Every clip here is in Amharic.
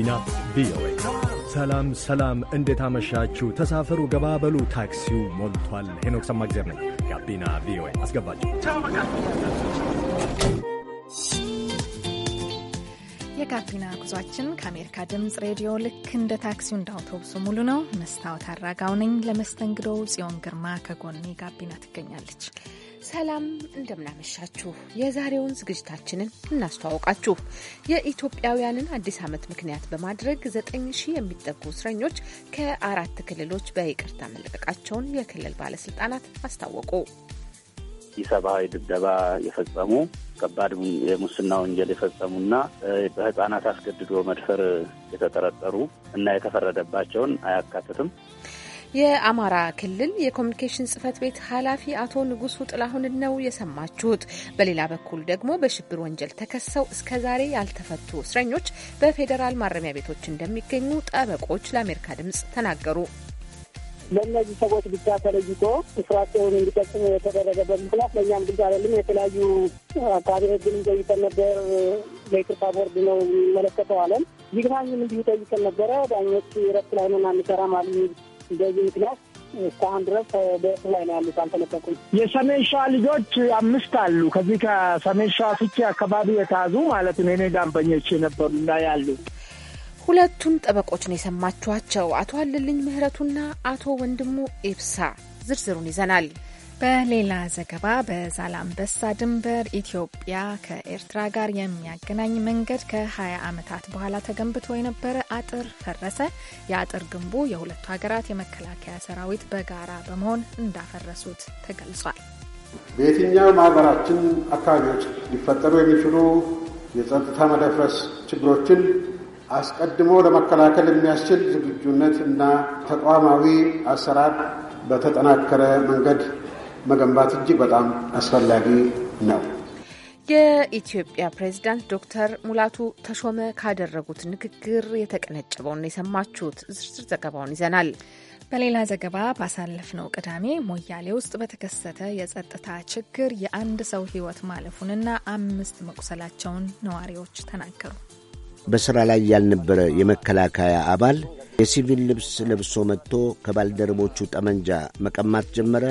ቢና ቪኦኤ ሰላም ሰላም። እንዴት አመሻችሁ? ተሳፈሩ፣ ገባበሉ፣ ታክሲው ሞልቷል። ሄኖክ ሰማግዜር ነኝ። ጋቢና ቪኦኤ አስገባችሁ። የጋቢና ጉዟችን ከአሜሪካ ድምፅ ሬዲዮ ልክ እንደ ታክሲው እንደ አውቶቡሱ ሙሉ ነው። መስታወት አራጋው ነኝ። ለመስተንግዶው ጽዮን ግርማ ከጎኔ ጋቢና ትገኛለች። ሰላም እንደምናመሻችሁ። የዛሬውን ዝግጅታችንን እናስተዋውቃችሁ። የኢትዮጵያውያንን አዲስ ዓመት ምክንያት በማድረግ ዘጠኝ ሺህ የሚጠጉ እስረኞች ከአራት ክልሎች በይቅርታ መለቀቃቸውን የክልል ባለስልጣናት አስታወቁ። ኢሰብአዊ ድብደባ የፈጸሙ ከባድ የሙስና ወንጀል የፈጸሙና በህጻናት አስገድዶ መድፈር የተጠረጠሩ እና የተፈረደባቸውን አያካትትም። የአማራ ክልል የኮሚኒኬሽን ጽህፈት ቤት ኃላፊ አቶ ንጉሱ ጥላሁን ነው የሰማችሁት። በሌላ በኩል ደግሞ በሽብር ወንጀል ተከሰው እስከዛሬ ያልተፈቱ እስረኞች በፌዴራል ማረሚያ ቤቶች እንደሚገኙ ጠበቆች ለአሜሪካ ድምጽ ተናገሩ። ለእነዚህ ሰዎች ብቻ ተለይቶ ስራቸውን እንዲጠቅሙ የተደረገበት ምክንያት ለእኛም ግልጽ አይደለም። የተለያዩ አካባቢ ህግንም ጠይቀን ነበር። በይቅርታ ቦርድ ነው የሚመለከተው አለን። ይግባኝም እንዲሁ ጠይቀን ነበረ። ዳኞች ረፍት ላይ ነን አንሰራም አሉ። በዚህ ምክንያት እስካሁን ድረስ በእስር ላይ ነው ያሉት፣ አልተለቀቁም። የሰሜን ሸዋ ልጆች አምስት አሉ። ከዚህ ከሰሜን ሸዋ ፍቼ አካባቢ የተያዙ ማለት ነው። እኔ ደንበኞች የነበሩና ያሉ ሁለቱን ጠበቆች ነው የሰማችኋቸው፣ አቶ አለልኝ ምህረቱና አቶ ወንድሙ ኤብሳ። ዝርዝሩን ይዘናል። በሌላ ዘገባ በዛላምበሳ ድንበር ኢትዮጵያ ከኤርትራ ጋር የሚያገናኝ መንገድ ከ20 ዓመታት በኋላ ተገንብቶ የነበረ አጥር ፈረሰ። የአጥር ግንቡ የሁለቱ ሀገራት የመከላከያ ሰራዊት በጋራ በመሆን እንዳፈረሱት ተገልጿል። በየትኛውም ሀገራችን አካባቢዎች ሊፈጠሩ የሚችሉ የጸጥታ መደፍረስ ችግሮችን አስቀድሞ ለመከላከል የሚያስችል ዝግጁነት እና ተቋማዊ አሰራር በተጠናከረ መንገድ መገንባት እጅግ በጣም አስፈላጊ ነው። የኢትዮጵያ ፕሬዝዳንት ዶክተር ሙላቱ ተሾመ ካደረጉት ንግግር የተቀነጨበውን የሰማችሁት። ዝርዝር ዘገባውን ይዘናል። በሌላ ዘገባ ባሳለፍነው ቅዳሜ ሞያሌ ውስጥ በተከሰተ የጸጥታ ችግር የአንድ ሰው ሕይወት ማለፉንና አምስት መቁሰላቸውን ነዋሪዎች ተናገሩ። በስራ ላይ ያልነበረ የመከላከያ አባል የሲቪል ልብስ ለብሶ መጥቶ ከባልደረቦቹ ጠመንጃ መቀማት ጀመረ።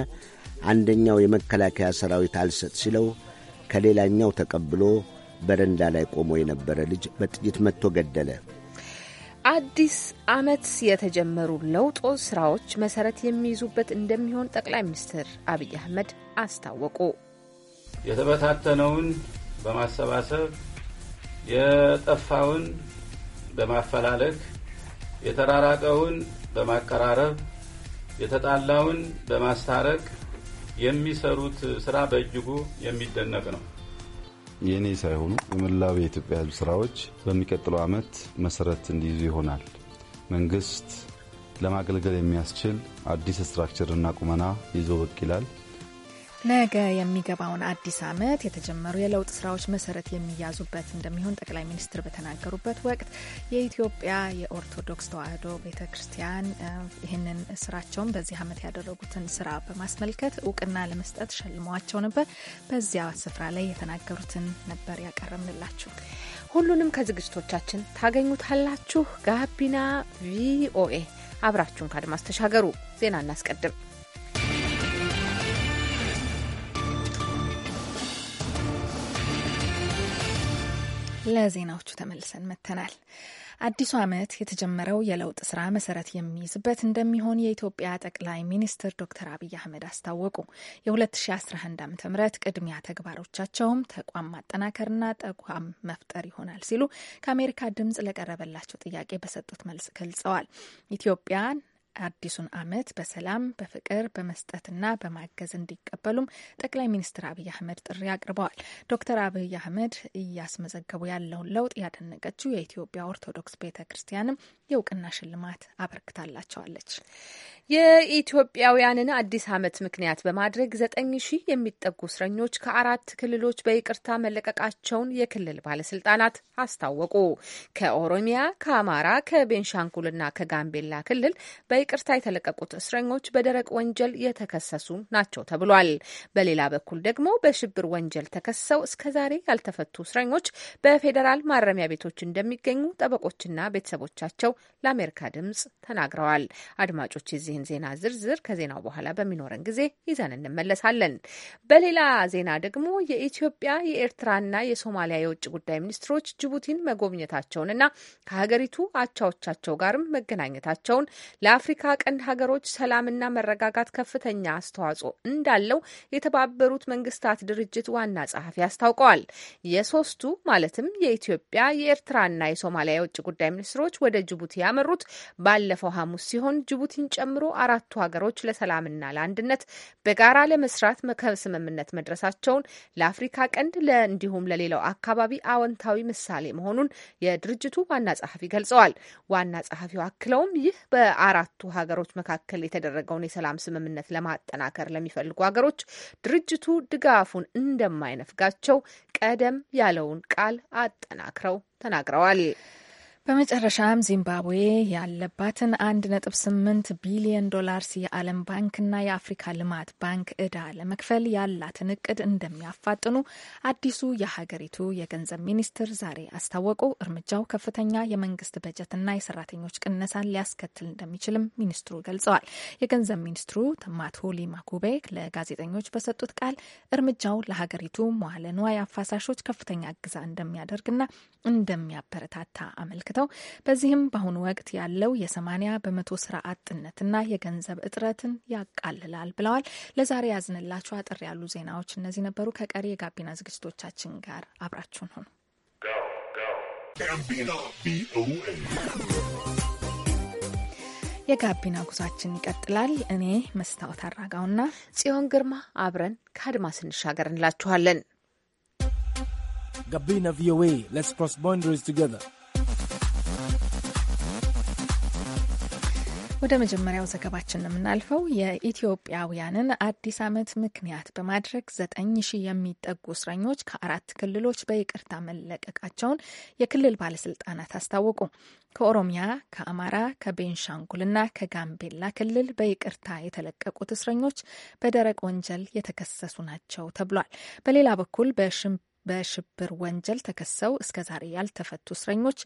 አንደኛው የመከላከያ ሰራዊት አልሰጥ ሲለው ከሌላኛው ተቀብሎ በረንዳ ላይ ቆሞ የነበረ ልጅ በጥይት መጥቶ ገደለ። አዲስ ዓመት የተጀመሩ ለውጦ ስራዎች መሰረት የሚይዙበት እንደሚሆን ጠቅላይ ሚኒስትር አብይ አህመድ አስታወቁ። የተበታተነውን በማሰባሰብ የጠፋውን በማፈላለግ የተራራቀውን በማቀራረብ የተጣላውን በማስታረቅ የሚሰሩት ስራ በእጅጉ የሚደነቅ ነው። የእኔ ሳይሆኑ የመላው የኢትዮጵያ ሕዝብ ስራዎች በሚቀጥለው ዓመት መሰረት እንዲይዙ ይሆናል። መንግስት ለማገልገል የሚያስችል አዲስ ስትራክቸርና ቁመና ይዞ ብቅ ይላል። ነገ የሚገባውን አዲስ ዓመት የተጀመሩ የለውጥ ስራዎች መሰረት የሚያዙበት እንደሚሆን ጠቅላይ ሚኒስትር በተናገሩበት ወቅት የኢትዮጵያ የኦርቶዶክስ ተዋሕዶ ቤተ ክርስቲያን ይህንን ስራቸውን በዚህ ዓመት ያደረጉትን ስራ በማስመልከት እውቅና ለመስጠት ሸልመዋቸው ነበር። በዚያ ስፍራ ላይ የተናገሩትን ነበር ያቀረብንላችሁ። ሁሉንም ከዝግጅቶቻችን ታገኙታላችሁ። ጋቢና ቪኦኤ አብራችሁን ከአድማስ ተሻገሩ። ዜና እናስቀድም። ለዜናዎቹ ተመልሰን መጥተናል። አዲሱ ዓመት የተጀመረው የለውጥ ስራ መሰረት የሚይዝበት እንደሚሆን የኢትዮጵያ ጠቅላይ ሚኒስትር ዶክተር አብይ አህመድ አስታወቁ። የ2011 ዓ ም ቅድሚያ ተግባሮቻቸውም ተቋም ማጠናከርና ተቋም መፍጠር ይሆናል ሲሉ ከአሜሪካ ድምጽ ለቀረበላቸው ጥያቄ በሰጡት መልስ ገልጸዋል። ኢትዮጵያን አዲሱን ዓመት በሰላም በፍቅር በመስጠትና በማገዝ እንዲቀበሉም ጠቅላይ ሚኒስትር አብይ አህመድ ጥሪ አቅርበዋል። ዶክተር አብይ አህመድ እያስመዘገቡ ያለውን ለውጥ ያደነቀችው የኢትዮጵያ ኦርቶዶክስ ቤተ ክርስቲያንም የእውቅና ሽልማት አበርክታላቸዋለች። የኢትዮጵያውያንን አዲስ ዓመት ምክንያት በማድረግ ዘጠኝ ሺህ የሚጠጉ እስረኞች ከአራት ክልሎች በይቅርታ መለቀቃቸውን የክልል ባለስልጣናት አስታወቁ። ከኦሮሚያ፣ ከአማራ፣ ከቤንሻንጉልና ከጋምቤላ ክልል ይቅርታ የተለቀቁት እስረኞች በደረቅ ወንጀል የተከሰሱ ናቸው ተብሏል። በሌላ በኩል ደግሞ በሽብር ወንጀል ተከሰው እስከዛሬ ያልተፈቱ እስረኞች በፌዴራል ማረሚያ ቤቶች እንደሚገኙ ጠበቆችና ቤተሰቦቻቸው ለአሜሪካ ድምጽ ተናግረዋል። አድማጮች የዚህን ዜና ዝርዝር ከዜናው በኋላ በሚኖረን ጊዜ ይዘን እንመለሳለን። በሌላ ዜና ደግሞ የኢትዮጵያ የኤርትራና የሶማሊያ የውጭ ጉዳይ ሚኒስትሮች ጅቡቲን መጎብኘታቸውንና ከሀገሪቱ አቻዎቻቸው ጋርም መገናኘታቸውን ለአፍሪ የአፍሪካ ቀንድ ሀገሮች ሰላምና መረጋጋት ከፍተኛ አስተዋጽኦ እንዳለው የተባበሩት መንግስታት ድርጅት ዋና ጸሐፊ አስታውቀዋል። የሶስቱ ማለትም የኢትዮጵያ፣ የኤርትራና የሶማሊያ የውጭ ጉዳይ ሚኒስትሮች ወደ ጅቡቲ ያመሩት ባለፈው ሐሙስ ሲሆን ጅቡቲን ጨምሮ አራቱ ሀገሮች ለሰላምና ለአንድነት በጋራ ለመስራት ከስምምነት መድረሳቸውን ለአፍሪካ ቀንድ እንዲሁም ለሌላው አካባቢ አዎንታዊ ምሳሌ መሆኑን የድርጅቱ ዋና ጸሐፊ ገልጸዋል። ዋና ጸሐፊው አክለውም ይህ በአራቱ ሀገሮች መካከል የተደረገውን የሰላም ስምምነት ለማጠናከር ለሚፈልጉ ሀገሮች ድርጅቱ ድጋፉን እንደማይነፍጋቸው ቀደም ያለውን ቃል አጠናክረው ተናግረዋል። በመጨረሻም ዚምባብዌ ያለባትን 1.8 ቢሊዮን ዶላርስ የዓለም ባንክና የአፍሪካ ልማት ባንክ እዳ ለመክፈል ያላትን እቅድ እንደሚያፋጥኑ አዲሱ የሀገሪቱ የገንዘብ ሚኒስትር ዛሬ አስታወቁ። እርምጃው ከፍተኛ የመንግስት በጀትና የሰራተኞች ቅነሳን ሊያስከትል እንደሚችልም ሚኒስትሩ ገልጸዋል። የገንዘብ ሚኒስትሩ ማትሁሊ ማኩቤ ለጋዜጠኞች በሰጡት ቃል እርምጃው ለሀገሪቱ መዋለ ንዋይ አፋሳሾች ከፍተኛ እገዛ እንደሚያደርግና እንደሚያበረታታ አመልክተዋል። አመልክተው በዚህም በአሁኑ ወቅት ያለው የሰማኒያ በመቶ ስራ አጥነትና የገንዘብ እጥረትን ያቃልላል ብለዋል። ለዛሬ ያዝንላችሁ አጠር ያሉ ዜናዎች እነዚህ ነበሩ። ከቀሪ የጋቢና ዝግጅቶቻችን ጋር አብራችሁን ሆኑ። የጋቢና ጉዟችን ይቀጥላል። እኔ መስታወት አራጋውና ጽዮን ግርማ አብረን ከአድማስ እንሻገር እንላችኋለን። ጋቢና ቪኦኤ ሌትስ ክሮስ ባውንደሪስ ቱጌዘር ወደ መጀመሪያው ዘገባችን የምናልፈው የኢትዮጵያውያንን አዲስ ዓመት ምክንያት በማድረግ ዘጠኝ ሺህ የሚጠጉ እስረኞች ከአራት ክልሎች በይቅርታ መለቀቃቸውን የክልል ባለስልጣናት አስታወቁ። ከኦሮሚያ፣ ከአማራ፣ ከቤንሻንጉልና ከጋምቤላ ክልል በይቅርታ የተለቀቁት እስረኞች በደረቅ ወንጀል የተከሰሱ ናቸው ተብሏል። በሌላ በኩል በሽም በሽብር ወንጀል ተከሰው እስከዛሬ ያልተፈቱ እስረኞች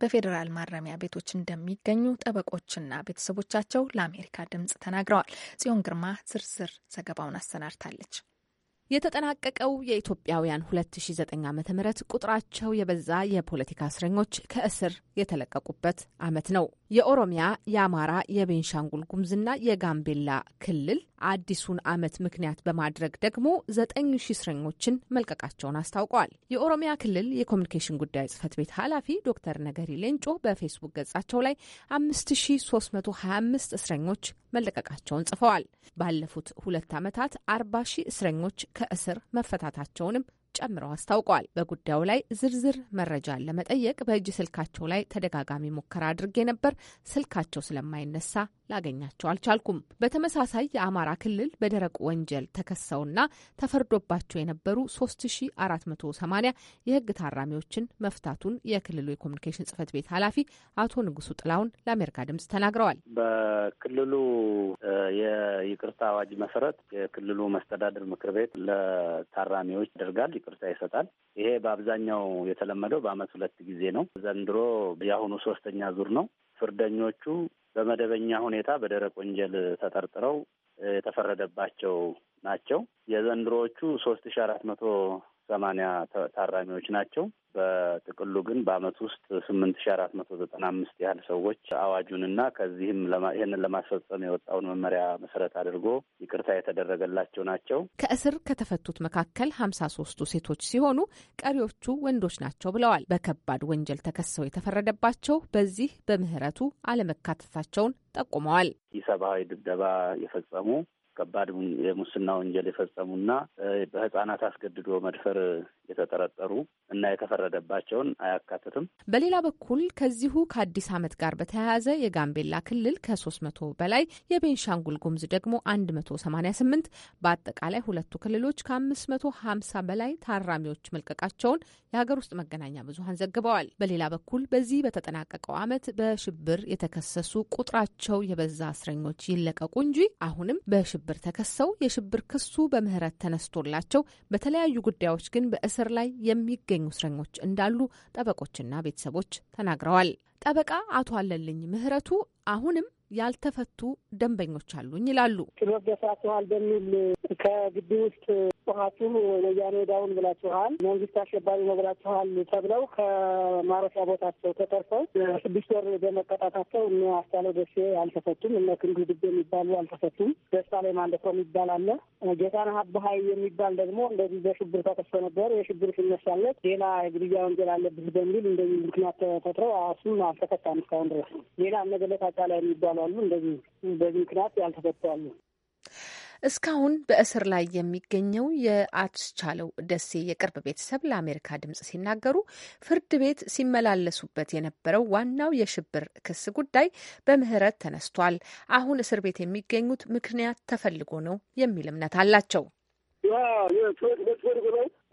በፌዴራል ማረሚያ ቤቶች እንደሚገኙ ጠበቆችና ቤተሰቦቻቸው ለአሜሪካ ድምጽ ተናግረዋል። ጽዮን ግርማ ዝርዝር ዘገባውን አሰናድታለች። የተጠናቀቀው የኢትዮጵያውያን 2009 ዓ ም ቁጥራቸው የበዛ የፖለቲካ እስረኞች ከእስር የተለቀቁበት ዓመት ነው። የኦሮሚያ፣ የአማራ፣ የቤንሻንጉል ጉምዝና የጋምቤላ ክልል አዲሱን ዓመት ምክንያት በማድረግ ደግሞ ዘጠኝ ሺ እስረኞችን መልቀቃቸውን አስታውቀዋል። የኦሮሚያ ክልል የኮሚኒኬሽን ጉዳይ ጽህፈት ቤት ኃላፊ ዶክተር ነገሪ ሌንጮ በፌስቡክ ገጻቸው ላይ አምስት እስረኞች መለቀቃቸውን ጽፈዋል። ባለፉት ሁለት ዓመታት አርባ ሺ እስረኞች ከእስር መፈታታቸውንም ጨምረው አስታውቀዋል። በጉዳዩ ላይ ዝርዝር መረጃን ለመጠየቅ በእጅ ስልካቸው ላይ ተደጋጋሚ ሙከራ አድርጌ ነበር። ስልካቸው ስለማይነሳ ላገኛቸው አልቻልኩም። በተመሳሳይ የአማራ ክልል በደረቅ ወንጀል ተከሰውና ተፈርዶባቸው የነበሩ 3480 የህግ ታራሚዎችን መፍታቱን የክልሉ የኮሚኒኬሽን ጽህፈት ቤት ኃላፊ አቶ ንጉሱ ጥላውን ለአሜሪካ ድምጽ ተናግረዋል። በክልሉ የይቅርታ አዋጅ መሰረት የክልሉ መስተዳድር ምክር ቤት ለታራሚዎች ያደርጋል። ይቅርታ ይሰጣል። ይሄ በአብዛኛው የተለመደው በአመት ሁለት ጊዜ ነው። ዘንድሮ የአሁኑ ሶስተኛ ዙር ነው። ፍርደኞቹ በመደበኛ ሁኔታ በደረቅ ወንጀል ተጠርጥረው የተፈረደባቸው ናቸው። የዘንድሮዎቹ ሶስት ሺ አራት መቶ ሰማንያ ታራሚዎች ናቸው። በጥቅሉ ግን በአመት ውስጥ ስምንት ሺ አራት መቶ ዘጠና አምስት ያህል ሰዎች አዋጁንና ከዚህም ይህንን ለማስፈጸም የወጣውን መመሪያ መሰረት አድርጎ ይቅርታ የተደረገላቸው ናቸው። ከእስር ከተፈቱት መካከል ሀምሳ ሶስቱ ሴቶች ሲሆኑ ቀሪዎቹ ወንዶች ናቸው ብለዋል። በከባድ ወንጀል ተከሰው የተፈረደባቸው በዚህ በምህረቱ አለመካተታቸውን ጠቁመዋል። ኢሰብአዊ ድብደባ የፈጸሙ ከባድ የሙስና ወንጀል የፈጸሙና በህጻናት አስገድዶ መድፈር የተጠረጠሩ እና የተፈረደባቸውን አያካትትም። በሌላ በኩል ከዚሁ ከአዲስ ዓመት ጋር በተያያዘ የጋምቤላ ክልል ከሶስት መቶ በላይ የቤንሻንጉል ጉሙዝ ደግሞ አንድ መቶ ሰማኒያ ስምንት በአጠቃላይ ሁለቱ ክልሎች ከአምስት መቶ ሀምሳ በላይ ታራሚዎች መልቀቃቸውን የሀገር ውስጥ መገናኛ ብዙሀን ዘግበዋል። በሌላ በኩል በዚህ በተጠናቀቀው ዓመት በሽብር የተከሰሱ ቁጥራቸው የበዛ እስረኞች ይለቀቁ እንጂ አሁንም በሽብር ሽብር ተከሰው የሽብር ክሱ በምህረት ተነስቶላቸው በተለያዩ ጉዳዮች ግን በእስር ላይ የሚገኙ እስረኞች እንዳሉ ጠበቆችና ቤተሰቦች ተናግረዋል። ጠበቃ አቶ አለልኝ ምህረቱ አሁንም ያልተፈቱ ደንበኞች አሉኝ ይላሉ። ችሎት ደሳችኋል በሚል ከግቢ ውስጥ ጽሁፋችሁ ወያኔ ዳውን ብላችኋል፣ መንግስት አሸባሪ ነው ብላችኋል ተብለው ከማረፊያ ቦታቸው ተጠርፈው ስድስት ወር በመቀጣታቸው እነ አስቻለው ደሴ አልተፈቱም። እነ ክንዱ ድቤ የሚባሉ አልተፈቱም። ደስታ ላይ ማለፈው የሚባል አለ። ጌታነህ አበሀይ የሚባል ደግሞ እንደዚህ በሽብር ተከሶ ነበር። የሽብር ሲነሳለት ሌላ ግድያ ወንጀል አለብህ በሚል እንደዚህ ምክንያት ተፈጥረው እሱም አልተፈታም እስካሁን ድረስ። ሌላ እነ ገለታ ጫላ የሚባሉ አሉ። እንደዚህ በዚህ ምክንያት ያልተፈቱ አሉ። እስካሁን በእስር ላይ የሚገኘው የአስቻለው ደሴ የቅርብ ቤተሰብ ለአሜሪካ ድምጽ ሲናገሩ ፍርድ ቤት ሲመላለሱበት የነበረው ዋናው የሽብር ክስ ጉዳይ በምህረት ተነስቷል። አሁን እስር ቤት የሚገኙት ምክንያት ተፈልጎ ነው የሚል እምነት አላቸው።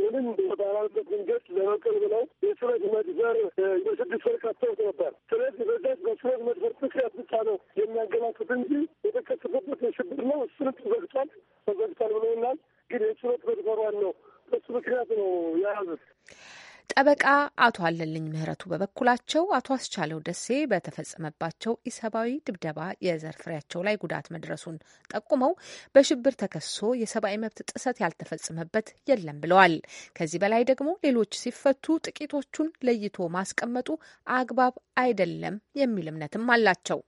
ምንም በባላንበት መንገድ ለመቀል ብለው የስረት መድበር የስድስት ወር ካስተውት ነበር። ስለዚህ በዛች በስረት መድበር ምክንያት ብቻ ነው የሚያገላቱት እንጂ የተከሰተበት የሽብር ነው። እሱንም ተዘግቷል ተዘግቷል ብለውናል። ግን የስረት መድበሯን ነው በሱ ምክንያት ነው የያዙት። ጠበቃ አቶ አለልኝ ምህረቱ በበኩላቸው አቶ አስቻለው ደሴ በተፈጸመባቸው ኢሰብአዊ ድብደባ የዘር ፍሬያቸው ላይ ጉዳት መድረሱን ጠቁመው በሽብር ተከሶ የሰብአዊ መብት ጥሰት ያልተፈጸመበት የለም ብለዋል። ከዚህ በላይ ደግሞ ሌሎች ሲፈቱ ጥቂቶቹን ለይቶ ማስቀመጡ አግባብ አይደለም የሚል እምነትም አላቸው።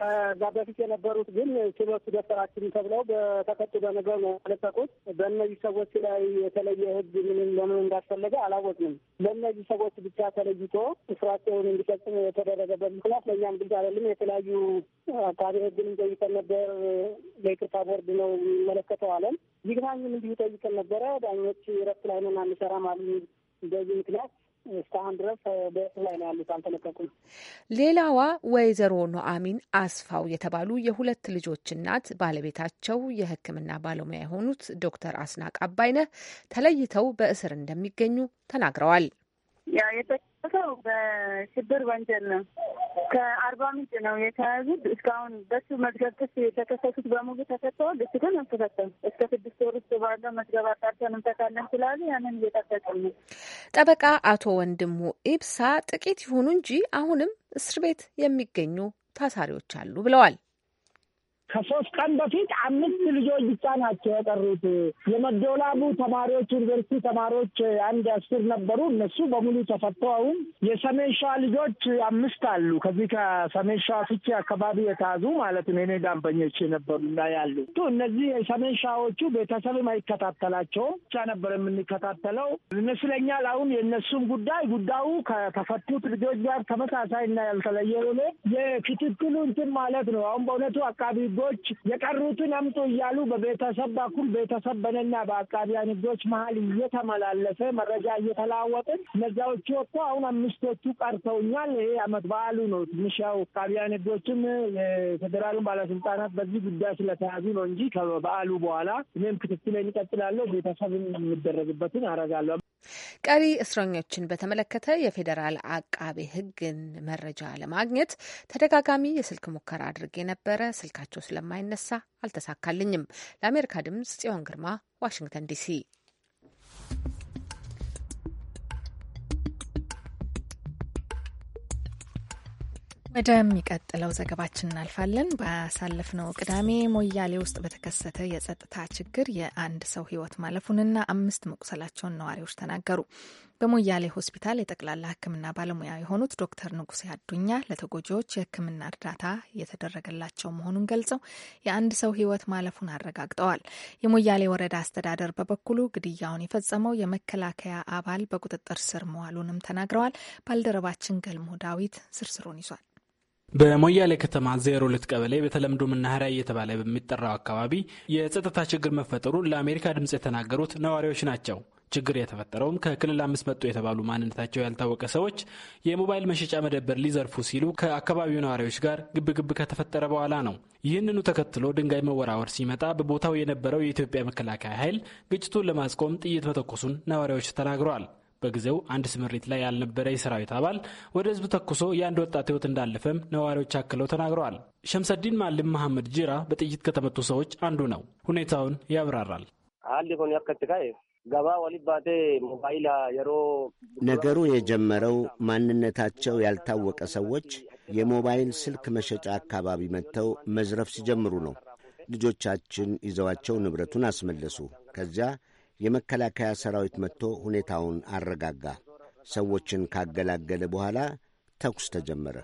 ከዛ በፊት የነበሩት ግን ችሎቱ ደፈራችን ተብለው በተቀጡ በነገር ነው ያለቀቁት። በእነዚህ ሰዎች ላይ የተለየ ህግ ምንም ለምን እንዳስፈለገ አላወቅንም። ለእነዚህ ሰዎች ብቻ ተለይቶ ስራቸውን እንዲፈጽሙ የተደረገበት ምክንያት ለእኛም ግልጽ አይደለም። የተለያዩ አካባቢ ሕግንም ጠይቀን ነበር። ለይቅርታ ቦርድ ነው የሚመለከተው አለን። ይግባኝም እንዲሁ ጠይቀን ነበረ። ዳኞች እረፍት ላይ ነን አንሰራም አሉ። በዚህ ምክንያት እስካሁን ድረስ በእስር ላይ ነው ያሉት፣ አልተለቀቁም። ሌላዋ ወይዘሮ ኖአሚን አስፋው የተባሉ የሁለት ልጆች እናት ባለቤታቸው የሕክምና ባለሙያ የሆኑት ዶክተር አስናቅ አባይነህ ተለይተው በእስር እንደሚገኙ ተናግረዋል። ያ ሰው በሽብር ወንጀል ነው። ከአርባ ምንጭ ነው የተያዙት። እስካሁን በሱ መዝገብ ክስ የተከሰሱት በሙሉ ተፈተዋል። እሱ ግን አልተፈተም። እስከ ስድስት ወር ውስጥ ባለው መዝገብ አጣርተን እንፈታለን ስላሉ ያንን እየጠበቅን ነው። ጠበቃ አቶ ወንድሙ ኢብሳ ጥቂት ይሁኑ እንጂ አሁንም እስር ቤት የሚገኙ ታሳሪዎች አሉ ብለዋል። ከሶስት ቀን በፊት አምስት ልጆች ብቻ ናቸው የቀሩት። የመደወላቡ ተማሪዎች ዩኒቨርሲቲ ተማሪዎች አንድ አስር ነበሩ። እነሱ በሙሉ ተፈቶ አሁን የሰሜን ሸዋ ልጆች አምስት አሉ። ከዚህ ከሰሜን ሸዋ ፍቼ አካባቢ የተያዙ ማለት ነው። ዳንበኞች የነበሩ የነበሩና ያሉ እነዚህ የሰሜን ሸዋዎቹ ቤተሰብም አይከታተላቸውም ብቻ ነበር የምንከታተለው ይመስለኛል። አሁን የእነሱም ጉዳይ ጉዳዩ ከተፈቱት ልጆች ጋር ተመሳሳይና ያልተለየ ሆኖ የክትትሉ እንትን ማለት ነው። አሁን በእውነቱ አካባቢ ህጎች የቀሩትን አምጡ እያሉ በቤተሰብ በኩል ቤተሰብ በነና በአቃቢያን ህጎች መሀል እየተመላለፈ መረጃ እየተለዋወጥን እነዛዎቹ እኮ አሁን አምስቶቹ ቀርተውኛል። ይሄ አመት በዓሉ ነው። ትንሽ ያው አቃቢያን ህጎችም የፌዴራሉን ባለስልጣናት በዚህ ጉዳይ ስለተያዙ ነው እንጂ ከበዓሉ በኋላ እኔም ክትትል ይቀጥላለሁ። ቤተሰብ የሚደረግበትን አረጋለሁ። ቀሪ እስረኞችን በተመለከተ የፌዴራል አቃቤ ሕግን መረጃ ለማግኘት ተደጋጋሚ የስልክ ሙከራ አድርጌ ነበረ። ስልካቸው ስለማይነሳ አልተሳካልኝም። ለአሜሪካ ድምጽ ጽዮን ግርማ ዋሽንግተን ዲሲ ወደሚቀጥለው ዘገባችን እናልፋለን። ባሳለፍነው ቅዳሜ ሞያሌ ውስጥ በተከሰተ የጸጥታ ችግር የአንድ ሰው ሕይወት ማለፉንና አምስት መቁሰላቸውን ነዋሪዎች ተናገሩ። በሞያሌ ሆስፒታል የጠቅላላ ሕክምና ባለሙያ የሆኑት ዶክተር ንጉሴ አዱኛ ለተጎጂዎች የሕክምና እርዳታ የተደረገላቸው መሆኑን ገልጸው የአንድ ሰው ሕይወት ማለፉን አረጋግጠዋል። የሞያሌ ወረዳ አስተዳደር በበኩሉ ግድያውን የፈጸመው የመከላከያ አባል በቁጥጥር ስር መዋሉንም ተናግረዋል። ባልደረባችን ገልሞ ዳዊት ዝርዝሩን ይዟል። በሞያሌ ከተማ ዜሮ ሁለት ቀበሌ በተለምዶ መናኸሪያ እየተባለ በሚጠራው አካባቢ የጸጥታ ችግር መፈጠሩን ለአሜሪካ ድምፅ የተናገሩት ነዋሪዎች ናቸው። ችግር የተፈጠረውም ከክልል አምስት መጡ የተባሉ ማንነታቸው ያልታወቀ ሰዎች የሞባይል መሸጫ መደብር ሊዘርፉ ሲሉ ከአካባቢው ነዋሪዎች ጋር ግብግብ ከተፈጠረ በኋላ ነው። ይህንኑ ተከትሎ ድንጋይ መወራወር ሲመጣ በቦታው የነበረው የኢትዮጵያ መከላከያ ኃይል ግጭቱን ለማስቆም ጥይት መተኮሱን ነዋሪዎች ተናግረዋል። በጊዜው አንድ ስምሪት ላይ ያልነበረ የሰራዊት አባል ወደ ህዝብ ተኩሶ የአንድ ወጣት ህይወት እንዳለፈም ነዋሪዎች አክለው ተናግረዋል። ሸምሰዲን ማልም መሐመድ ጅራ በጥይት ከተመቱ ሰዎች አንዱ ነው። ሁኔታውን ያብራራል። ነገሩ የጀመረው ማንነታቸው ያልታወቀ ሰዎች የሞባይል ስልክ መሸጫ አካባቢ መጥተው መዝረፍ ሲጀምሩ ነው። ልጆቻችን ይዘዋቸው ንብረቱን አስመለሱ። ከዚያ የመከላከያ ሰራዊት መጥቶ ሁኔታውን አረጋጋ። ሰዎችን ካገላገለ በኋላ ተኩስ ተጀመረ።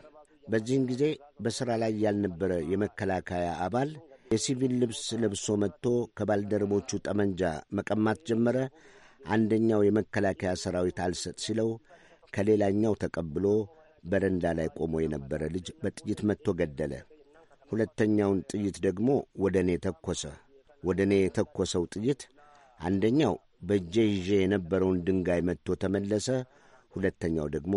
በዚህን ጊዜ በሥራ ላይ ያልነበረ የመከላከያ አባል የሲቪል ልብስ ለብሶ መጥቶ ከባልደረቦቹ ጠመንጃ መቀማት ጀመረ። አንደኛው የመከላከያ ሰራዊት አልሰጥ ሲለው ከሌላኛው ተቀብሎ በረንዳ ላይ ቆሞ የነበረ ልጅ በጥይት መጥቶ ገደለ። ሁለተኛውን ጥይት ደግሞ ወደ እኔ ተኮሰ። ወደ እኔ የተኮሰው ጥይት አንደኛው በእጄ ይዤ የነበረውን ድንጋይ መጥቶ ተመለሰ። ሁለተኛው ደግሞ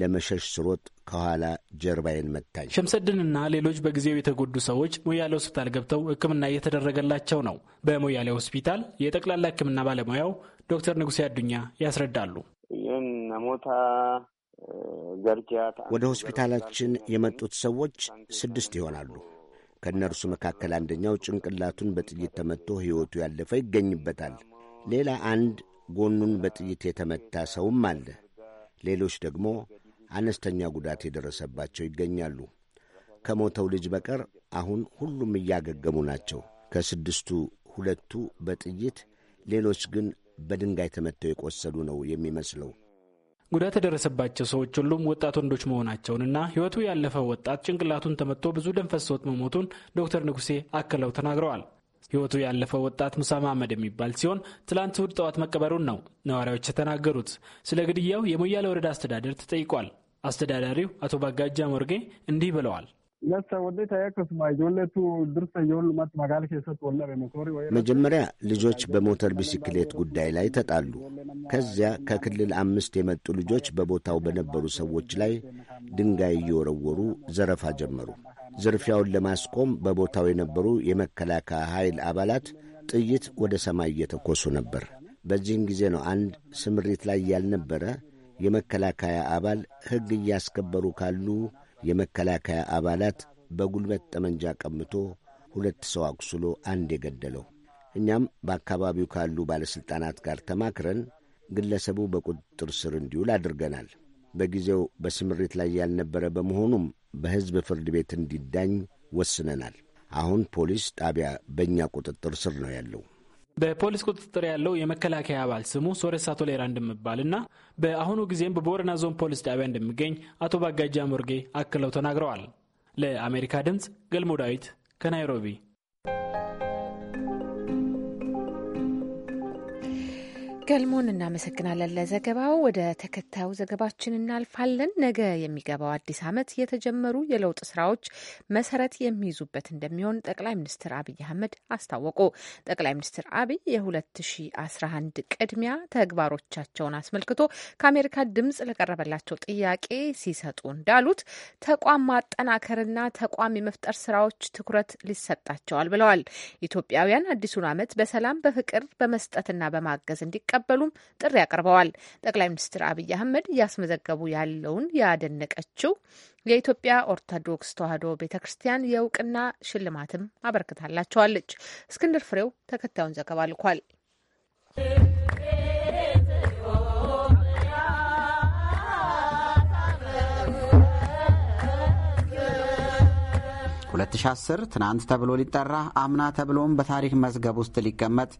ለመሸሽ ስሮጥ ከኋላ ጀርባዬን መታኝ። ሸምሰድንና ሌሎች በጊዜው የተጎዱ ሰዎች ሞያሌ ሆስፒታል ገብተው ሕክምና እየተደረገላቸው ነው። በሞያሌ ሆስፒታል የጠቅላላ ሕክምና ባለሙያው ዶክተር ንጉሴ አዱኛ ያስረዳሉ። ወደ ሆስፒታላችን የመጡት ሰዎች ስድስት ይሆናሉ። ከእነርሱ መካከል አንደኛው ጭንቅላቱን በጥይት ተመትቶ ሕይወቱ ያለፈ ይገኝበታል። ሌላ አንድ ጎኑን በጥይት የተመታ ሰውም አለ። ሌሎች ደግሞ አነስተኛ ጉዳት የደረሰባቸው ይገኛሉ። ከሞተው ልጅ በቀር አሁን ሁሉም እያገገሙ ናቸው። ከስድስቱ ሁለቱ በጥይት ሌሎች ግን በድንጋይ ተመተው የቆሰሉ ነው የሚመስለው። ጉዳት የደረሰባቸው ሰዎች ሁሉም ወጣት ወንዶች መሆናቸውንና ሕይወቱ ያለፈው ወጣት ጭንቅላቱን ተመቶ ብዙ ደም ፈሶት መሞቱን ዶክተር ንጉሴ አክለው ተናግረዋል። ሕይወቱ ያለፈው ወጣት ሙሳ መሐመድ የሚባል ሲሆን ትላንት እሁድ ጠዋት መቀበሩን ነው ነዋሪዎች የተናገሩት። ስለ ግድያው የሞያሌ ወረዳ አስተዳደር ተጠይቋል። አስተዳዳሪው አቶ ባጋጃ ሞርጌ እንዲህ ብለዋል። መጀመሪያ ልጆች በሞተር ቢስክሌት ጉዳይ ላይ ተጣሉ። ከዚያ ከክልል አምስት የመጡ ልጆች በቦታው በነበሩ ሰዎች ላይ ድንጋይ እየወረወሩ ዘረፋ ጀመሩ። ዝርፊያውን ለማስቆም በቦታው የነበሩ የመከላከያ ኃይል አባላት ጥይት ወደ ሰማይ እየተኮሱ ነበር። በዚህም ጊዜ ነው አንድ ስምሪት ላይ ያልነበረ የመከላከያ አባል ሕግ እያስከበሩ ካሉ የመከላከያ አባላት በጉልበት ጠመንጃ ቀምቶ ሁለት ሰው አቁስሎ አንድ የገደለው። እኛም በአካባቢው ካሉ ባለሥልጣናት ጋር ተማክረን ግለሰቡ በቁጥጥር ስር እንዲውል አድርገናል። በጊዜው በስምሪት ላይ ያልነበረ በመሆኑም በሕዝብ ፍርድ ቤት እንዲዳኝ ወስነናል። አሁን ፖሊስ ጣቢያ በእኛ ቁጥጥር ስር ነው ያለው። በፖሊስ ቁጥጥር ያለው የመከላከያ አባል ስሙ ሶሬሳ ቶሌራ እንደሚባልና በአሁኑ ጊዜም በቦረና ዞን ፖሊስ ጣቢያ እንደሚገኝ አቶ ባጋጃ ሞርጌ አክለው ተናግረዋል። ለአሜሪካ ድምፅ ገልሞ ዳዊት ከናይሮቢ ገልሞን እናመሰግናለን ለዘገባው። ወደ ተከታዩ ዘገባችን እናልፋለን። ነገ የሚገባው አዲስ ዓመት የተጀመሩ የለውጥ ስራዎች መሰረት የሚይዙበት እንደሚሆን ጠቅላይ ሚኒስትር አብይ አህመድ አስታወቁ። ጠቅላይ ሚኒስትር አብይ የ2011 ቅድሚያ ተግባሮቻቸውን አስመልክቶ ከአሜሪካ ድምጽ ለቀረበላቸው ጥያቄ ሲሰጡ እንዳሉት ተቋም ማጠናከርና ተቋም የመፍጠር ስራዎች ትኩረት ሊሰጣቸዋል ብለዋል። ኢትዮጵያውያን አዲሱን ዓመት በሰላም በፍቅር በመስጠትና በማገዝ እንዲቀ እንዲቀበሉም ጥሪ አቅርበዋል። ጠቅላይ ሚኒስትር አብይ አህመድ እያስመዘገቡ ያለውን ያደነቀችው የኢትዮጵያ ኦርቶዶክስ ተዋሕዶ ቤተ ክርስቲያን የእውቅና ሽልማትም አበርክታላቸዋለች። እስክንድር ፍሬው ተከታዩን ዘገባ ልኳል። 2010 ትናንት ተብሎ ሊጠራ አምና ተብሎም በታሪክ መዝገብ ውስጥ ሊቀመጥ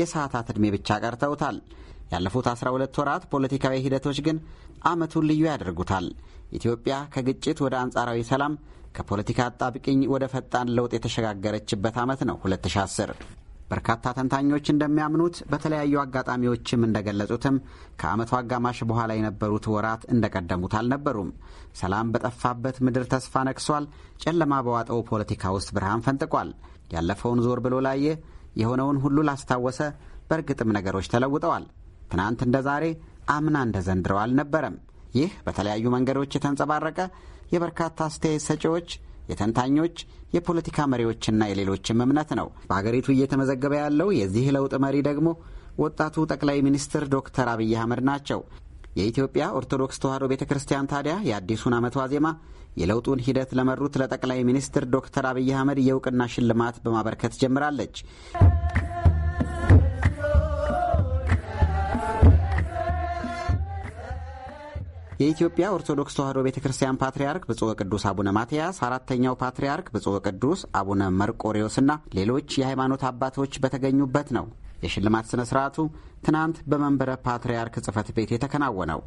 የሰዓታት ዕድሜ ብቻ ቀርተውታል። ያለፉት 12 ወራት ፖለቲካዊ ሂደቶች ግን ዓመቱን ልዩ ያደርጉታል። ኢትዮጵያ ከግጭት ወደ አንጻራዊ ሰላም ከፖለቲካ አጣብቅኝ ወደ ፈጣን ለውጥ የተሸጋገረችበት ዓመት ነው 2010። በርካታ ተንታኞች እንደሚያምኑት በተለያዩ አጋጣሚዎችም እንደገለጹትም ከዓመቱ አጋማሽ በኋላ የነበሩት ወራት እንደቀደሙት አልነበሩም። ሰላም በጠፋበት ምድር ተስፋ ነግሷል። ጨለማ በዋጠው ፖለቲካ ውስጥ ብርሃን ፈንጥቋል። ያለፈውን ዞር ብሎ ላየ፣ የሆነውን ሁሉ ላስታወሰ። በእርግጥም ነገሮች ተለውጠዋል። ትናንት እንደ ዛሬ፣ አምና እንደ ዘንድረው አልነበረም። ይህ በተለያዩ መንገዶች የተንጸባረቀ የበርካታ አስተያየት ሰጪዎች የተንታኞች፣ የፖለቲካ መሪዎችና የሌሎችም እምነት ነው። በሀገሪቱ እየተመዘገበ ያለው የዚህ ለውጥ መሪ ደግሞ ወጣቱ ጠቅላይ ሚኒስትር ዶክተር አብይ አህመድ ናቸው። የኢትዮጵያ ኦርቶዶክስ ተዋሕዶ ቤተ ክርስቲያን ታዲያ የአዲሱን ዓመት ዋዜማ የለውጡን ሂደት ለመሩት ለጠቅላይ ሚኒስትር ዶክተር አብይ አህመድ የእውቅና ሽልማት በማበርከት ጀምራለች። የኢትዮጵያ ኦርቶዶክስ ተዋሕዶ ቤተ ክርስቲያን ፓትርያርክ ብጹዕ ቅዱስ አቡነ ማትያስ፣ አራተኛው ፓትርያርክ ብጹዕ ቅዱስ አቡነ መርቆሬዎስና ሌሎች የሃይማኖት አባቶች በተገኙበት ነው የሽልማት ስነ ስርዓቱ ትናንት በመንበረ ፓትርያርክ ጽፈት ቤት የተከናወነው።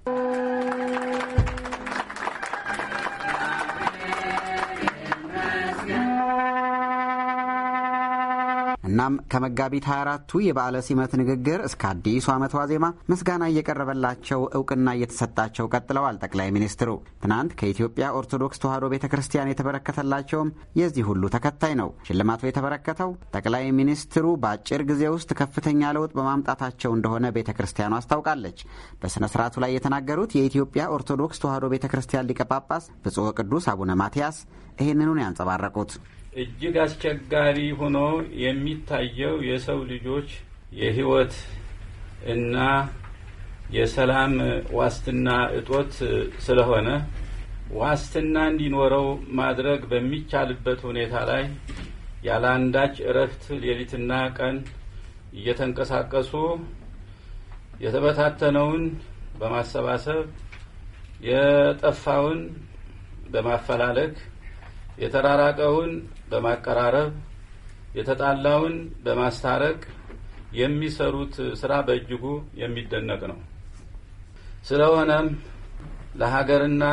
እናም ከመጋቢት 24ቱ የበዓለ ሲመት ንግግር እስከ አዲሱ ዓመት ዋዜማ ምስጋና እየቀረበላቸው እውቅና እየተሰጣቸው ቀጥለዋል። ጠቅላይ ሚኒስትሩ ትናንት ከኢትዮጵያ ኦርቶዶክስ ተዋሕዶ ቤተ ክርስቲያን የተበረከተላቸውም የዚህ ሁሉ ተከታይ ነው። ሽልማቱ የተበረከተው ጠቅላይ ሚኒስትሩ በአጭር ጊዜ ውስጥ ከፍተኛ ለውጥ በማምጣታቸው እንደሆነ ቤተ ክርስቲያኑ አስታውቃለች። በሥነ ሥርዓቱ ላይ የተናገሩት የኢትዮጵያ ኦርቶዶክስ ተዋሕዶ ቤተ ክርስቲያን ሊቀ ጳጳስ ብፁዕ ቅዱስ አቡነ ማትያስ ይህንኑን ያንጸባረቁት እጅግ አስቸጋሪ ሆኖ የሚታየው የሰው ልጆች የህይወት እና የሰላም ዋስትና እጦት ስለሆነ ዋስትና እንዲኖረው ማድረግ በሚቻልበት ሁኔታ ላይ ያለ አንዳች እረፍት ሌሊትና ቀን እየተንቀሳቀሱ የተበታተነውን በማሰባሰብ የጠፋውን በማፈላለግ የተራራቀውን በማቀራረብ የተጣላውን በማስታረቅ የሚሰሩት ስራ በእጅጉ የሚደነቅ ነው። ስለሆነም ለሀገርና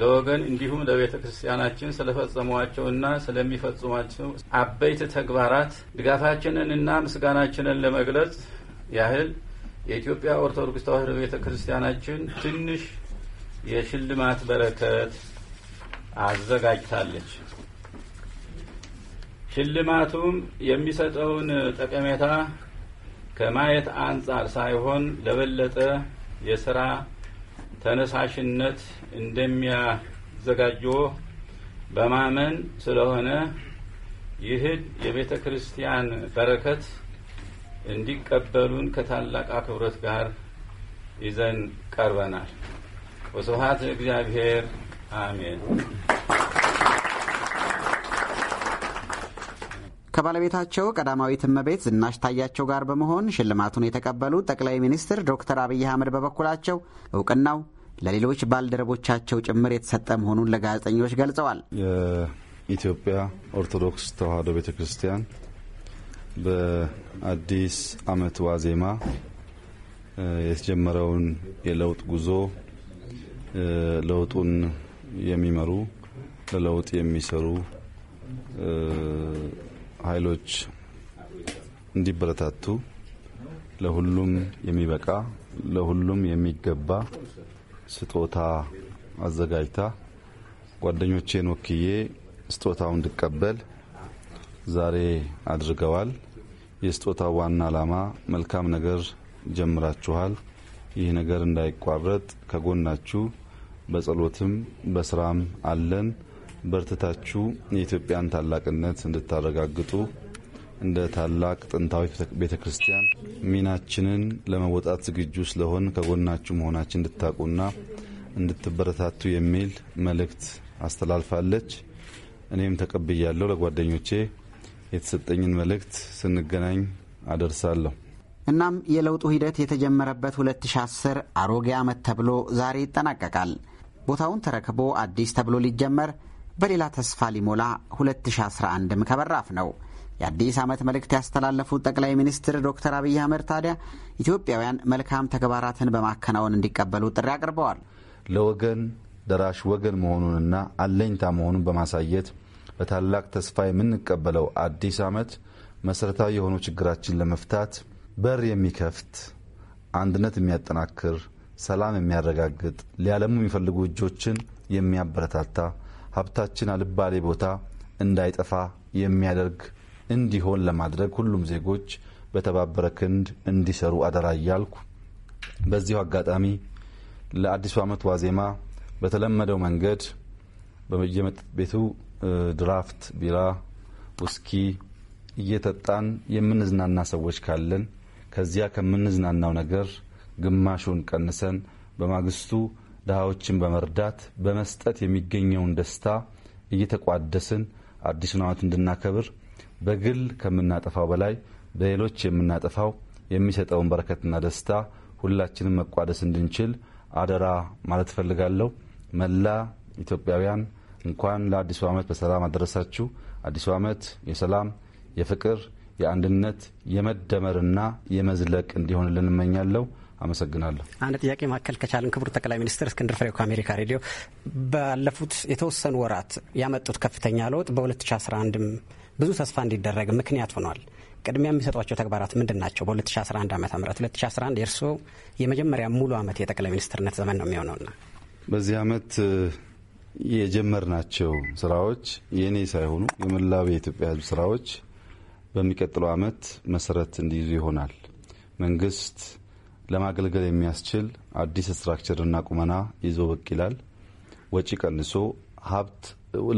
ለወገን እንዲሁም ለቤተ ክርስቲያናችን ስለፈጸሟቸውና ስለሚፈጽሟቸው አበይት ተግባራት ድጋፋችንን እና ምስጋናችንን ለመግለጽ ያህል የኢትዮጵያ ኦርቶዶክስ ተዋሕዶ ቤተ ክርስቲያናችን ትንሽ የሽልማት በረከት አዘጋጅታለች። ሽልማቱም የሚሰጠውን ጠቀሜታ ከማየት አንጻር ሳይሆን ለበለጠ የስራ ተነሳሽነት እንደሚያዘጋጆ በማመን ስለሆነ ይህን የቤተ ክርስቲያን በረከት እንዲቀበሉን ከታላቅ አክብረት ጋር ይዘን ቀርበናል። ወስብሐት እግዚአብሔር አሜን። ከባለቤታቸው ቀዳማዊት እመቤት ዝናሽ ታያቸው ጋር በመሆን ሽልማቱን የተቀበሉት ጠቅላይ ሚኒስትር ዶክተር አብይ አህመድ በበኩላቸው እውቅናው ለሌሎች ባልደረቦቻቸው ጭምር የተሰጠ መሆኑን ለጋዜጠኞች ገልጸዋል። የኢትዮጵያ ኦርቶዶክስ ተዋሕዶ ቤተ ክርስቲያን በአዲስ ዓመት ዋዜማ የተጀመረውን የለውጥ ጉዞ ለውጡን የሚመሩ ለለውጥ የሚሰሩ ኃይሎች እንዲበረታቱ ለሁሉም የሚበቃ ለሁሉም የሚገባ ስጦታ አዘጋጅታ ጓደኞቼን ወክዬ ስጦታውን እንድቀበል ዛሬ አድርገዋል። የስጦታው ዋና ዓላማ መልካም ነገር ጀምራችኋል፣ ይህ ነገር እንዳይቋረጥ ከጎናችሁ በጸሎትም በስራም አለን በርትታችሁ የኢትዮጵያን ታላቅነት እንድታረጋግጡ እንደ ታላቅ ጥንታዊ ቤተ ክርስቲያን ሚናችንን ለመወጣት ዝግጁ ስለሆን ከጎናችሁ መሆናችን እንድታውቁና እንድትበረታቱ የሚል መልእክት አስተላልፋለች። እኔም ተቀብያለሁ። ለጓደኞቼ የተሰጠኝን መልእክት ስንገናኝ አደርሳለሁ። እናም የለውጡ ሂደት የተጀመረበት 2010 አሮጌ ዓመት ተብሎ ዛሬ ይጠናቀቃል። ቦታውን ተረክቦ አዲስ ተብሎ ሊጀመር በሌላ ተስፋ ሊሞላ 2011ም ከበራፍ ነው። የአዲስ ዓመት መልእክት ያስተላለፉት ጠቅላይ ሚኒስትር ዶክተር አብይ አህመድ ታዲያ ኢትዮጵያውያን መልካም ተግባራትን በማከናወን እንዲቀበሉ ጥሪ አቅርበዋል። ለወገን ደራሽ ወገን መሆኑንና አለኝታ መሆኑን በማሳየት በታላቅ ተስፋ የምንቀበለው አዲስ ዓመት መሠረታዊ የሆኑ ችግራችን ለመፍታት በር የሚከፍት አንድነት የሚያጠናክር ሰላም የሚያረጋግጥ ሊያለሙ የሚፈልጉ እጆችን የሚያበረታታ ሀብታችን አልባሌ ቦታ እንዳይጠፋ የሚያደርግ እንዲሆን ለማድረግ ሁሉም ዜጎች በተባበረ ክንድ እንዲሰሩ አደራ እያልኩ በዚሁ አጋጣሚ ለአዲሱ ዓመት ዋዜማ በተለመደው መንገድ በየመጠጥ ቤቱ ድራፍት ቢራ፣ ውስኪ እየጠጣን የምንዝናና ሰዎች ካለን ከዚያ ከምንዝናናው ነገር ግማሹን ቀንሰን በማግስቱ ድሃዎችን በመርዳት በመስጠት የሚገኘውን ደስታ እየተቋደስን አዲሱን ዓመት እንድናከብር በግል ከምናጠፋው በላይ በሌሎች የምናጠፋው የሚሰጠውን በረከትና ደስታ ሁላችንም መቋደስ እንድንችል አደራ ማለት እፈልጋለሁ። መላ ኢትዮጵያውያን እንኳን ለአዲሱ ዓመት በሰላም አደረሳችሁ። አዲሱ ዓመት የሰላም፣ የፍቅር፣ የአንድነት፣ የመደመርና የመዝለቅ እንዲሆንልን እመኛለሁ። አመሰግናለሁ። አንድ ጥያቄ ማከል ከቻልን ክቡር ጠቅላይ ሚኒስትር እስክንድር ፍሬው ከአሜሪካ ሬዲዮ ባለፉት የተወሰኑ ወራት ያመጡት ከፍተኛ ለውጥ በ2011 ብዙ ተስፋ እንዲደረግ ምክንያት ሆኗል። ቅድሚያ የሚሰጧቸው ተግባራት ምንድን ናቸው? በ2011 ዓ ም 2011 የእርስዎ የመጀመሪያ ሙሉ ዓመት የጠቅላይ ሚኒስትርነት ዘመን ነው የሚሆነውና በዚህ ዓመት የጀመርናቸው ስራዎች የእኔ ሳይሆኑ የመላው የኢትዮጵያ ሕዝብ ስራዎች በሚቀጥለው ዓመት መሰረት እንዲይዙ ይሆናል መንግስት ለማገልገል የሚያስችል አዲስ ስትራክቸርና ቁመና ይዞ ብቅ ይላል። ወጪ ቀንሶ ሀብት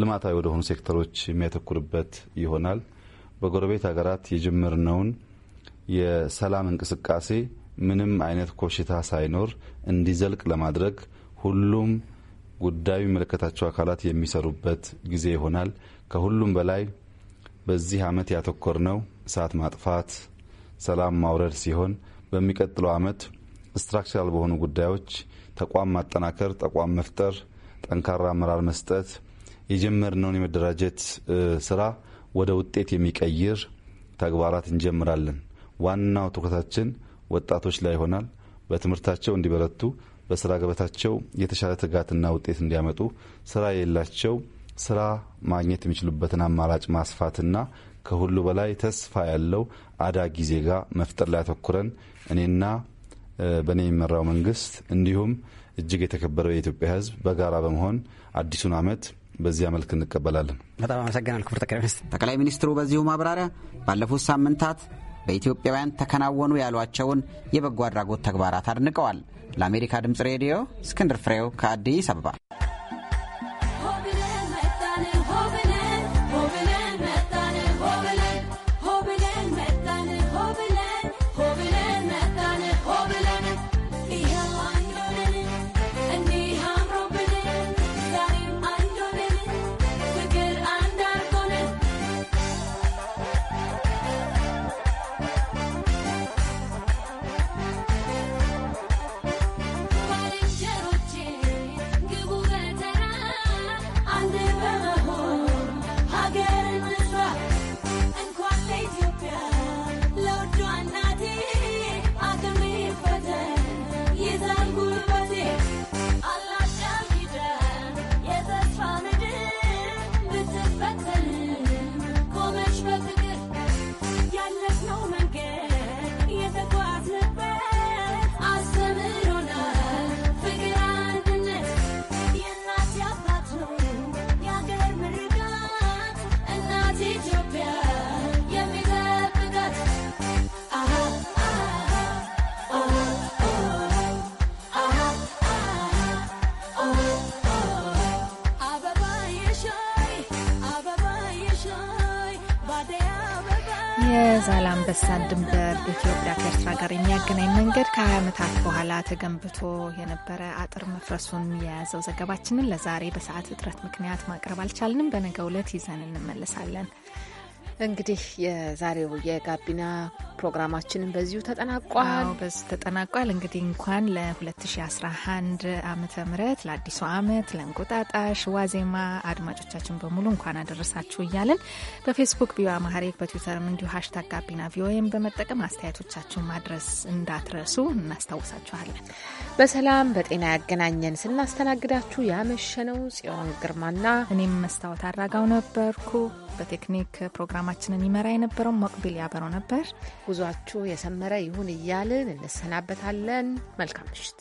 ልማታዊ ወደሆኑ ሴክተሮች የሚያተኩርበት ይሆናል። በጎረቤት ሀገራት የጀመርነውን የሰላም እንቅስቃሴ ምንም አይነት ኮሽታ ሳይኖር እንዲዘልቅ ለማድረግ ሁሉም ጉዳዩ የሚመለከታቸው አካላት የሚሰሩበት ጊዜ ይሆናል። ከሁሉም በላይ በዚህ ያተኮር ያተኮርነው እሳት ማጥፋት፣ ሰላም ማውረድ ሲሆን በሚቀጥለው ዓመት ስትራክቸራል በሆኑ ጉዳዮች ተቋም ማጠናከር፣ ተቋም መፍጠር፣ ጠንካራ አመራር መስጠት፣ የጀመርነውን የመደራጀት ስራ ወደ ውጤት የሚቀይር ተግባራት እንጀምራለን። ዋናው ትኩረታችን ወጣቶች ላይ ይሆናል። በትምህርታቸው እንዲበረቱ፣ በስራ ገበታቸው የተሻለ ትጋትና ውጤት እንዲያመጡ፣ ስራ የሌላቸው ስራ ማግኘት የሚችሉበትን አማራጭ ማስፋትና ከሁሉ በላይ ተስፋ ያለው አዳጊ ዜጋ መፍጠር ላይ ያተኩረን እኔና በእኔ የሚመራው መንግስት እንዲሁም እጅግ የተከበረው የኢትዮጵያ ሕዝብ በጋራ በመሆን አዲሱን ዓመት በዚያ መልክ እንቀበላለን። በጣም አመሰግናል ክቡር ጠቅላይ ሚኒስትር። ጠቅላይ ሚኒስትሩ በዚሁ ማብራሪያ ባለፉት ሳምንታት በኢትዮጵያውያን ተከናወኑ ያሏቸውን የበጎ አድራጎት ተግባራት አድንቀዋል። ለአሜሪካ ድምፅ ሬዲዮ እስክንድር ፍሬው ከአዲስ አበባ የዛላምበሳ ድንበር ኢትዮጵያ ከኤርትራ ጋር የሚያገናኝ መንገድ ከ20 ዓመታት በኋላ ተገንብቶ የነበረ አጥር መፍረሱን የያዘው ዘገባችንን ለዛሬ በሰዓት እጥረት ምክንያት ማቅረብ አልቻልንም። በነገው ዕለት ይዘን እንመለሳለን። እንግዲህ የዛሬው የጋቢና ፕሮግራማችንን በዚሁ ተጠናቋል። በዚሁ ተጠናቋል። እንግዲህ እንኳን ለ2011 ዓመተ ምህረት ለአዲሱ ዓመት ለእንቁጣጣሽ ዋዜማ አድማጮቻችን በሙሉ እንኳን አደረሳችሁ እያለን በፌስቡክ ቪዮ አማሪክ በትዊተርም እንዲሁ ሀሽታግ ጋቢና ቪኦኤም በመጠቀም አስተያየቶቻችሁን ማድረስ እንዳትረሱ እናስታውሳችኋለን። በሰላም በጤና ያገናኘን። ስናስተናግዳችሁ ያመሸነው ጽዮን ግርማና እኔም መስታወት አድራጋው ነበርኩ በቴክኒክ ፕሮግራማ ፕሮግራማችንን ይመራ የነበረው ሞቅቢል ያበረው ነበር። ጉዟችሁ የሰመረ ይሁን እያልን እንሰናበታለን። መልካም ምሽት።